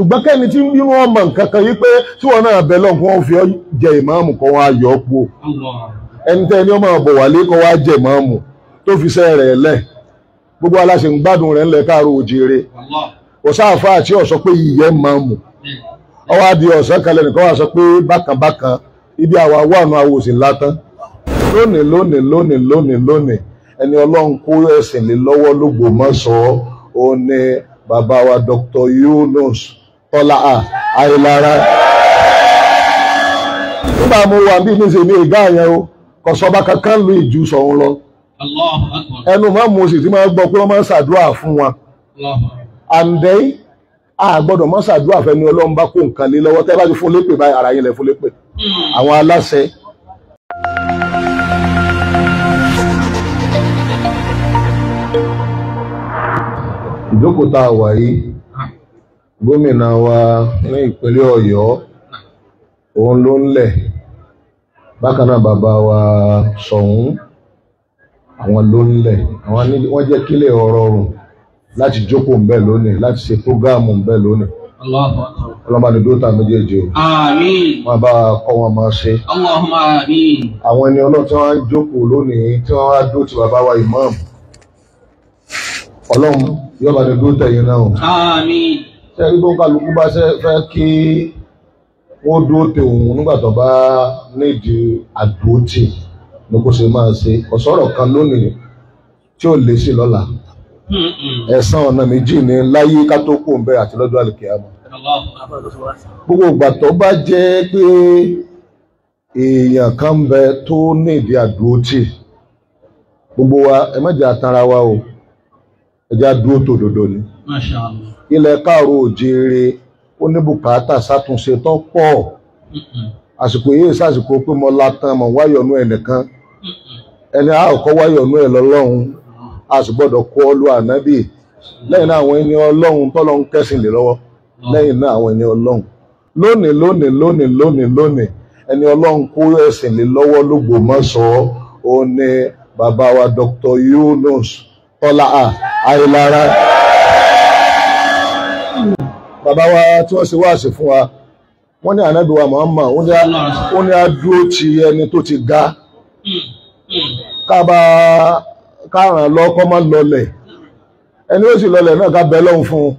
ṣùgbọ́n kẹ́ni tí nínú ọmọ nǹkan kan yìí pé tí wọn náà bẹ̀ lọ́nkún wọn fi jẹ ìmáàmù kan wá yọ ọ́ ẹni tẹ́ ẹni ọmọ ọ̀bọ̀ wálé kan wá jẹ fi sẹ́ rẹ̀ lẹ̀ gbogbo aláṣẹ ń gbádùn rẹ̀ ńlẹ̀ káàrọ̀ òjìire ọ̀sáàfà àti ọ̀sọ́ pé ìyẹ́ ìmáàmù ọwọ́ ọ̀sán kalẹ̀ nìkan sọ pé bákan ibi àwa wà nù òsì látán lónìí lónìí lónìí tọ́lá àìlára. nígbà mo wà bí mi ṣe ní ìgá yẹn o kò sọba kankan lu ìjù sọ̀hún lọ. ẹnu máa mú sì ti máa gbọ́ pé wọ́n máa ń ṣàdúrà fún wa. àǹdẹ́ a gbọ́dọ̀ máa ṣàdúrà fẹ́ni ọlọ́run bá kó nǹkan lé lọ́wọ́ tẹ́ bá ti fún lépè báyìí ara yín lẹ fún hmm. àwọn aláṣẹ ìjókòó tá a wà yìí gómìnà wa ní ìpínlẹ̀ Ọ̀yọ́ òun ló ń lẹ̀ bákan náà bàbá wa Ṣọ̀ún àwọn ló ń lẹ̀ àwọn ní wọ́n jẹ́ kílẹ̀ ọ̀rọ̀ rùn láti jókòó ńbẹ̀ lónìí láti ṣe prógáàmù ńbẹ̀ lónìí ọlọ́mọ ni dóòtà méjèèjì o máa bá a kọ́ wọn máa ṣe àwọn ẹni ọlọ́run tí wọ́n á jókòó lónìí tí wọ́n á dó ti bàbá wa ìmáàmù ọlọ́run yọba ni dóòtà yìí náà o sẹ́rí tó ń kálukú bá fẹ́ kí wọ́n dúró tè òun nígbà tó bá nídìí àdúrótì ní kó ṣe máa ṣe ọ̀sọ́rọ̀ kan lónìí tí ò lè sí lọ́la ẹ̀san ọ̀nà méjì ní láyé ká tó kù ń bẹ̀rẹ̀ àti lọ́jọ́ àlùkìyámà gbogbo ìgbà bá jẹ́ pé èèyàn kan bẹ tó nídìí àdúrótì gbogbo wa ẹ má àtàrà wa o ẹja dúró tòdodo ni ilẹ̀ káàró òjèrè ó ní bùkátà sátúnṣe tó pọ̀ àsìkò yìí sásìkò pé mo la tán mọ̀ wáyọ̀nú ẹnìkan ẹni àkọ́kọ́ wáyọ̀nú ẹ̀ lọ́lọ́run a sì gbọ́dọ̀ kó ọlú ànábì lẹ́yìn náà àwọn ẹni ọlọ́run tọ́lọ́run kẹ́sìn lè lọ́wọ́ mm. lẹ́yìn náà àwọn ẹni ọlọ́run lónìí lónìí lónìí lónìí lónìí ẹni ọlọ́run kó ẹ̀sìn lè lọ́wọ́ lógbòmọ́sọ ó ní babawa Dr. Yunus ọ̀la ah, àìlára. bàbá wa tí wọ́n ṣe wáàsí fún wa wọ́n ní ànábìwá Muhammad ó ní adúró ti ẹni tó ti ga kábà káràn lọ kọ́ máa lọlẹ̀ ẹni ó sì lọlẹ̀ náà ká bẹ lọ́hùn fún un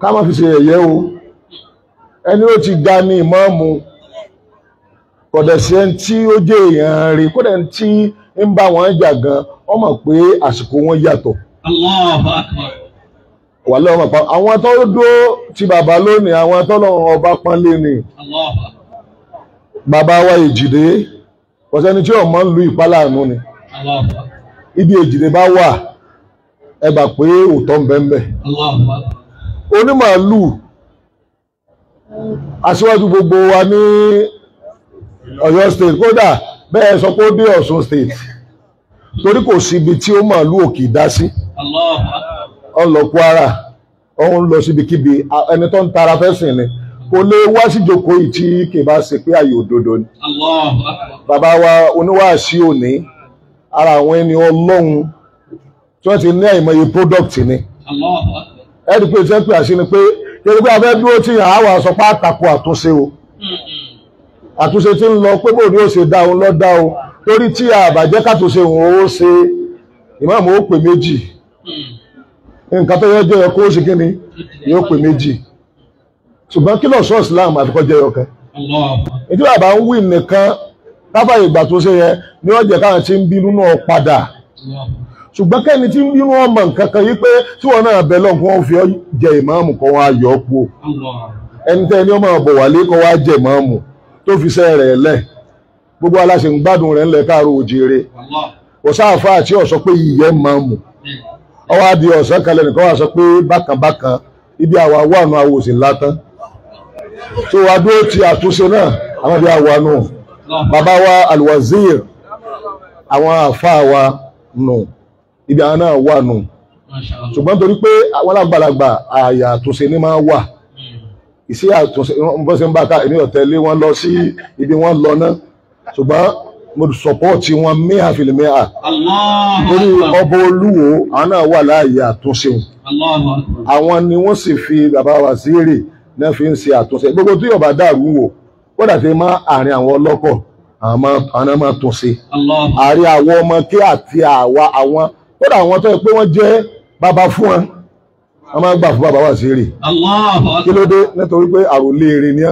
ká má fi ṣe ẹ̀yẹ́ o ẹni ó ti ga ní ìmáàmù kọ̀dẹ̀ ẹni tí ó jẹ́ èèyàn rí kọ́dẹ̀ ẹni tí ń bá wọn jà gan ó mọ̀ pé àsìkò wọn yàtọ̀. wàlẹ́ ọmọ pa àwọn tó dó ti bàbá lónìí àwọn tó lọ́rùn ọba pọ́nlé ni. bàbá wa èjìdé kọ̀sẹ́ni tí ọmọ ń lu ìpalàánú ni. ibi èjìdé bá wà ẹ bà pé òótọ́ ń bẹ́ńbẹ́. onímọ̀ọ́lù aṣíwájú gbogbo wa ní Ọ̀yọ́ state kódà bẹ́ẹ̀ sọ pé ó dé Ọ̀ṣun state torí kò síbi tí ó màálù òkè dá sí ọlọ Kwara òun lọ síbikíbi ẹni tó ń tara fẹ́ sìn ni kò lè wá síjòkó yìí tí kì bá ṣe pé àyè òdodo ni bàbá wa oníwàásí òní ara àwọn ẹni ọlọ́run tí wọ́n ti ní àìmọye product ni ẹ̀ẹ́dì pé ṣe ń pè àṣírí pé kí ẹni pé afẹ́ dúró tí àwa sọ pé àtakò àtúnṣe o. àtúnṣe tí ń lọ pé bò ní òṣè dá òun lọ dá o torí tí àbàjẹ́ kàtúnṣe òun ó ṣe ìmáàmù ó pè méjì nǹkan tó jẹ́ ni yóò pè méjì ṣùgbọ́n kí lọ Islam àfikọ́ jẹ́ ń wí nìkan ìgbà tó ṣe ni wọ́n jẹ́ káwọn ń bínú náà padà ṣùgbọ́n kẹ́ni tí ń bínú nǹkan kan yí pé tí wọ́n náà fi tó fi sẹ́ rẹ̀ lẹ̀ gbogbo aláṣẹ ń gbádùn rẹ̀ ńlẹ̀ káàró òjèrè kò sáàfà àti ọ̀sọ́ pé yìí máa mú ọwọ́ adi ọ̀sán kalẹ̀ nìkan wà sọ pé bákan bákan ibi àwa wà nù àwọn òsì ńlá tán tó wàá dúró ti àtúnṣe náà àwọn ibi àwa nù bàbá wa alwazir àwọn àfa wa nù ibi àwọn náà wà nù ṣùgbọ́n torí pé àwọn alágbàlagbà àyà àtúnṣe ni máa wà iṣẹ́ àtúnṣe bó ṣe ń bá ká èmi ò tẹ̀lé wọn lọ sí ibi wọn lọ náà ṣùgbọ́n mo sọpọ́ọ̀tì wọn mẹ́hà fìlì mẹ́hà torí ọba olúwo àwọn náà wà láàyè àtúnṣe wọn àwọn ni wọ́n sì fi bàbá wa sí èrè náà fi ń ṣe àtúnṣe gbogbo tí yóò bá dàrú wò ó dàtí má àárín àwọn ọlọ́kọ̀ àwọn máa tún ṣe àárín àwọn ọmọ kí àti àwa àwọn ó dà àwọn tó yẹ pé wọ́n jẹ́ bàbá fún wọn. a máa gbà fún bàbá sí rè kí ló dé nítorí pé àròlé eré ni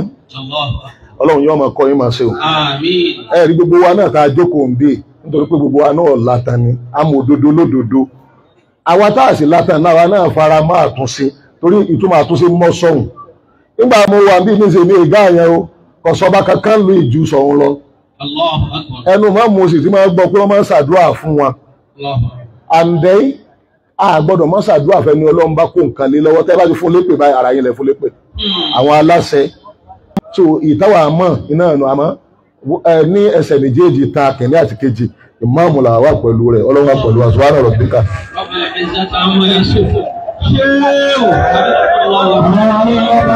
ọlọ́run yóò máa kọ́ yín o ẹ gbogbo wa náà ta jókòó ń nítorí pé gbogbo wa náà láta ni àmọ́ òdodo lódodo àwa tá a sì láta náà náà fara máa torí ìtumọ̀ àtúnṣe mọ́ sọ̀hún nígbà mo wà bí ní kankan lu ìjù sọ̀hún lọ ẹnu máa sì ti máa gbọ́ pé a gbọ́dọ̀ mọ́ ṣàdúrà fẹ́ni ọlọ́run bá kó nǹkan lé lọ́wọ́ tẹ́ bá ti fún lépè báyìí ara yín lẹ fún lépè àwọn aláṣẹ tó ìtawà mọ̀ iná ẹ̀nu àmọ́ ní ẹsẹ̀ méjèèjì ta kìnní àti kejì ìmáàmù là wà pẹ̀lú rẹ̀ ọlọ́run wà pẹ̀lú wa subhana rabbika. ṣé o